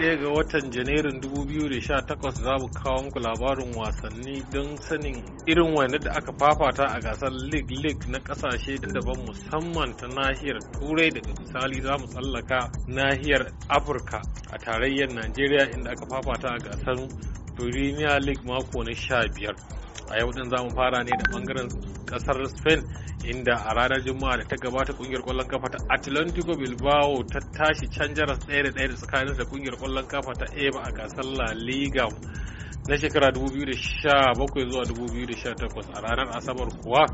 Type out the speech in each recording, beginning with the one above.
ɗaya ga watan janairun 2018 za mu kawo muku labarin wasanni don sanin irin wani da aka fafata a gasar league league na ƙasashe daban musamman ta nahiyar turai daga misali za mu tsallaka nahiyar afirka a tarayyar nigeria inda aka fafata a gasar premier league mako na 15 a yau din za mu fara ne da bangaren kasar spain inda a ranar juma'a da ta gabata kungiyar kwallon kafa ta atlantico bilbao ta tashi can jaras ɗaya da ɗaya da tsakanin da kungiyar kwallon kafa ta eba a gasar la liga na shekara 2017 zuwa 2018 a ranar asabar kuwa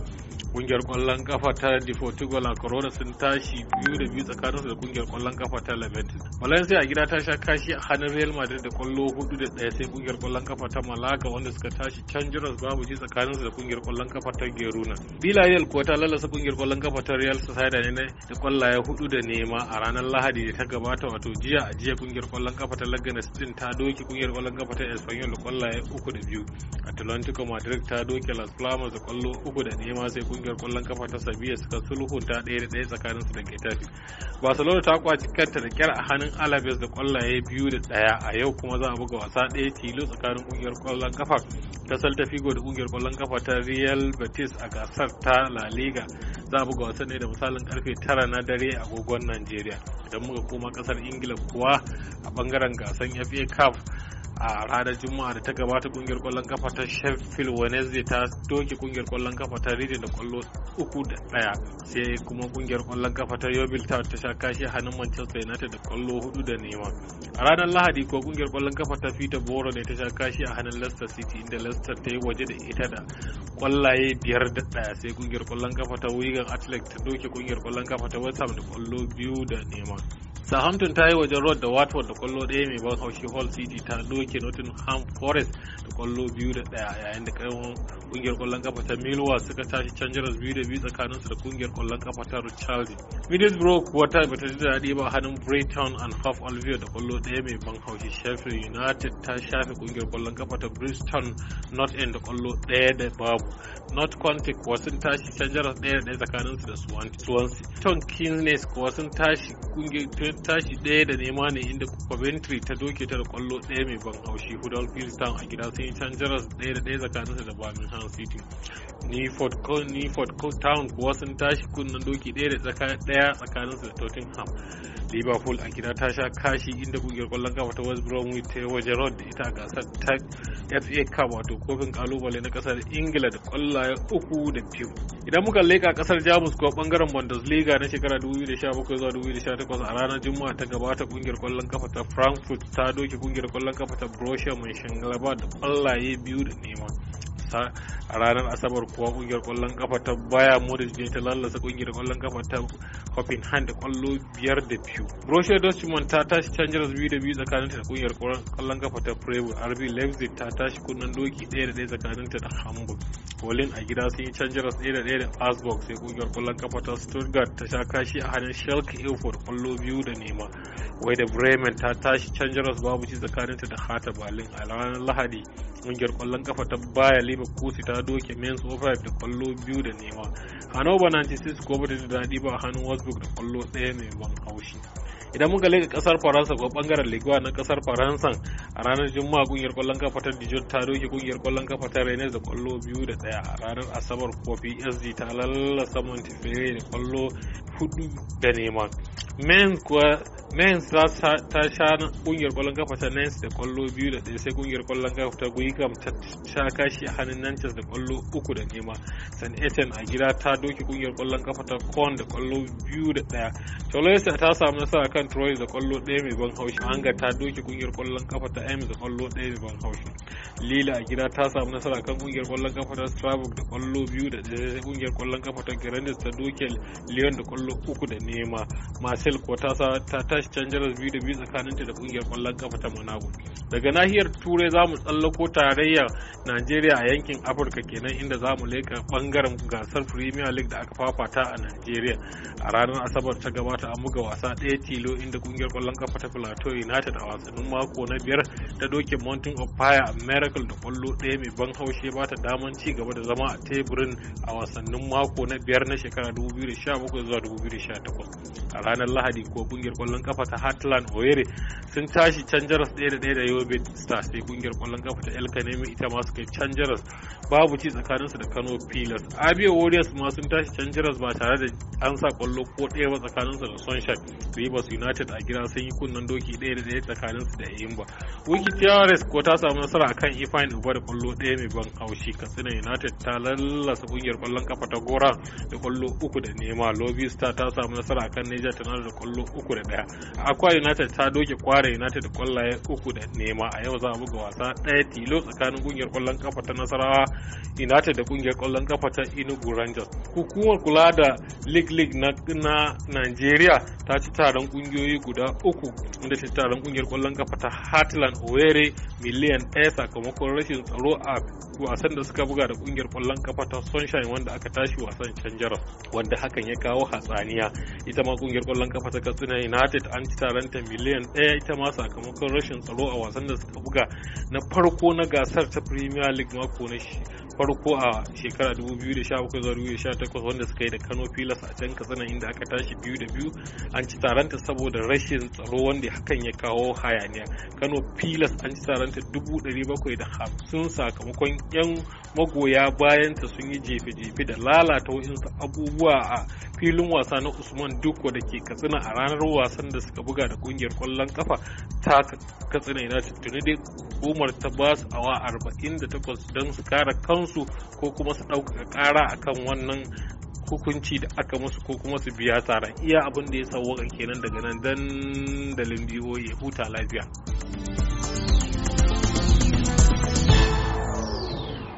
kungiyar kwallon kafa ta deportivo la corona sun tashi biyu da biyu tsakanin da kungiyar kwallon kafa ta levante Valencia a gida ta sha kashi a hannun Real Madrid da kwallo hudu da ɗaya sai kungiyar kwallon kafa ta Malaga wanda suka tashi can jiras babu ji tsakaninsu da kungiyar kwallon kafa ta Geruna. Villarreal kuwa ta lalasa kungiyar kwallon kafa ta Real Sociedad ne da kwallaye hudu da nema a ranar Lahadi da ta gabata wato jiya a jiya kungiyar kwallon kafa ta Leganes din ta doki kungiyar kwallon kafa ta Espanyol da kwallaye uku da biyu. Atlantico Madrid ta doke Las Palmas da kwallo uku da nema sai kungiyar kwallon kafa ta Sevilla suka sulhunta ɗaya da ɗaya tsakaninsu da Getafe. Barcelona ta kwaci kanta da kyar a hannun tsakanin alabes da kwallaye biyu da daya a yau kuma za a buga wasa ɗaya tilo tsakanin kungiyar kwallon kafa ta salta figo da kungiyar kwallon kafa ta real betis a gasar ta la liga za a buga wasa ne da misalin karfe tara na dare a agogon nigeria idan muka koma kasar ingila kuwa a bangaren gasar fa cup a ranar juma'a da ta gabata kungiyar kwallon kafa ta sheffield wednesday ta doke kungiyar kwallon kafa ta reading da kwallo uku da daya sai kuma kungiyar kwallon kafa ta yobil ta ta sha kashi hannun manchester united da kwallo hudu da nema a ranar lahadi ko kungiyar kwallon kafa ta fita boro ne ta sha kashi a hannun leicester city inda leicester ta yi waje da ita da kwallaye biyar da daya sai kungiyar kwallon kafa ta wigan athletic ta doke kungiyar kwallon kafa ta west ham da kwallo biyu da nema Southampton ta yi wajen Road da Watford da kwallo ɗaya mai ban haushi Hull City ta doke Nottingham Forest da kwallo biyu da ɗaya yayin da kungiyar kwallon kafa ta Millwall suka tashi Changers biyu da biyu tsakanin su da kungiyar kwallon kafa ta Richarlison. Middlesbrough kuwa ta bata ji daɗi ba hannun Brighton and Half Albion da kwallo ɗaya mai ban haushi Sheffield United ta shafe kungiyar kwallon kafa ta Bristol North End da kwallo ɗaya da babu. North County kuwa sun tashi Changers ɗaya da ɗaya tsakanin su da Swansea. Tom Kingsley kuwa sun tashi kungiyar tashi ɗaya da nema ne inda Coventry ta doke ta da kwallo ɗaya mai ban haushi Huddersfield Town a gida sun yi can jaras ɗaya da ɗaya tsakaninsa da Birmingham City. Newport Town kuwa sun tashi kunnen doki ɗaya da ɗaya tsakaninsa da Tottenham. liverpool an kira ta sha kashi inda kungiyar kwallon kafa ta west bromwich ta waje road ita a gasar ta fa cup wato kofin kalubale na kasar ingila da kwallaye uku da biyu idan muka leka kasar jamus kuwa bangaren bundesliga na shekara 2017 zuwa 2018 a ranar juma'a ta gabata kungiyar kwallon kafa ta frankfurt ta doke kungiyar kwallon kafa ta borussia mönchengladbach da kwallaye biyu da nema a ranar asabar kuwa kungiyar kwallon kafa ta baya modric ne ta lallasa kungiyar kwallon kafa ta hoffenheim da kwallo biyar da biyu borussia dortmund ta tashi canjar biyu da biyu tsakanin ta da kungiyar kwallon kafa ta freiburg rb leipzig ta tashi kunnen doki ɗaya da ɗaya tsakanin ta da hamburg berlin a gida sun yi canjar ɗaya da ɗaya da asburg sai kungiyar kwallon kafa ta stuttgart ta sha kashi a hannun schalke 04 kwallo biyu da nema wai da bremen ta tashi can jaros babu ci tsakaninta da hata balin a ranar lahadi ƙungiyar kwallon kafa ta baya Kusi ta doke mens 05 da kwallo biyu da nema hanover 96 ko da daɗi ba a hannun wasbrook da kwallo ɗaya mai ban haushi idan muka leka kasar faransa ko bangaren ligue na kasar faransa a ranar juma'a kungiyar kwallon kafa ta dijon ta doke kungiyar kwallon kafa ta rennes da kwallo biyu da daya a ranar asabar kofi sg ta lalasa montefiore da kwallo hudu da neman men kuwa men ta sha kungiyar kwallon kafa ta nance da kwallo biyu da ɗaya sai kungiyar kwallon kafa ta guigam ta sha kashi a hannun nance da kwallo uku da nema san etienne a gida ta doki kungiyar kwallon kafa ta con da kwallo biyu da ɗaya toloyes ta samu nasara kan troy da kwallo ɗaya mai ban haushi anga ta doki kungiyar kwallon kafa ta ems da kwallo ɗaya mai ban haushi lila a gida ta samu nasara kan kungiyar kwallon kafa ta strasbourg da kwallo biyu da ɗaya kungiyar kwallon kafa ta grandes ta doke lyon da kwallo kwallo uku da nema marcel ko ta tashi can jaras biyu da biyu tsakaninta da kungiyar kwallon kafa ta monaco daga nahiyar turai za mu tsallako tarayyar najeriya a yankin afirka kenan inda za mu leka bangaren gasar premier league da aka fafata a najeriya a ranar asabar ta gabata an buga wasa ɗaya tilo inda kungiyar kwallon kafa ta plateau united a wasannin mako na biyar ta doke mountain of fire miracle da kwallo daya mai ban haushe ba ta daman ci gaba da zama a teburin a wasannin mako na biyar na shekara 2017 zuwa 2018 a ranar lahadi ko kungiyar kwallon kafa ta heartland oyere sun tashi can jaras ɗaya da ɗaya da yobe star sai kungiyar kwallon kafa ta el kanemi ita ma suka canjaras babu ci tsakanin su da kano pilas abia warriors ma sun tashi canjaras ba tare da an sa kwallo ko ɗaya ba tsakanin su da sunshine rivers united a gida sun yi kunnen doki ɗaya da ɗaya tsakanin su da Yimba. wiki tiares ko ta samu nasara akan ifine uba da kwallo daya mai ban haushi katsina united ta lallasa kungiyar kwallon kafa ta gora da kwallo uku da nema lobby star ta samu nasara akan niger tana da kwallo uku da ɗaya aqua united ta doke kwara united da kwallaye uku da nema nema a yau za a buga wasa ɗaya tilo tsakanin kungiyar kwallon kafa ta nasarawa united da kungiyar kwallon kafa ta inugu rangers hukumar kula da league league na, na nigeria ta ci taron kungiyoyi guda uku wanda ta ci taron kungiyar kwallon kafa ta heartland owerri miliyan ɗaya sakamakon rashin tsaro a wasan da suka buga da kungiyar kwallon kafa ta sunshine wanda aka tashi wasan canjara wanda hakan ya kawo hatsaniya ita ma kungiyar kwallon kafa ta katsina united an ci taron ta miliyan ɗaya ita ma sakamakon rashin tsaro a wasan wasan da suka buga na farko na gasar ta premier league mako na farko a shekara 2017-2018 wanda suka yi da kano pilas a can katsina inda aka tashi biyu da biyu an ci taranta saboda rashin tsaro wanda hakan ya kawo hayaniya kano pilas an ci taranta 750 sakamakon yan magoya bayanta sun yi jefe-jefe da lalata waɗansu abubuwa a filin wasa na usman duk da ke katsina a ranar wasan da suka buga da kungiyar kwallon kafa ta katsina united tuni dai hukumar ta ba su awa 48 don su kara kansu ko kuma su ɗaukaka ƙara akan wannan hukunci da aka musu ko kuma su biya tsara iya abin da ya sauwaka kenan daga nan dandalin biyo ya huta lafiya.